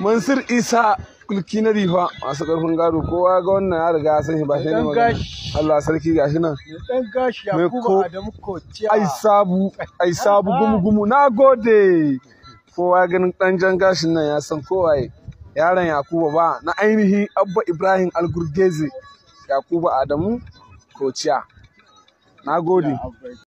mansur isa kulki na rifa masu karfin gado kowa ga wannan ya riga san ba shi ne magana Allah sarki gashi nan dan gashi yakubu adamu kociya ai sabu ai sabu gumu gumu na gode kowa ganin dan jan gashin nan ya san kowaye yaron yakubu ba na ainihin abba ibrahim algurgeze Yakuba adamu kociya na gode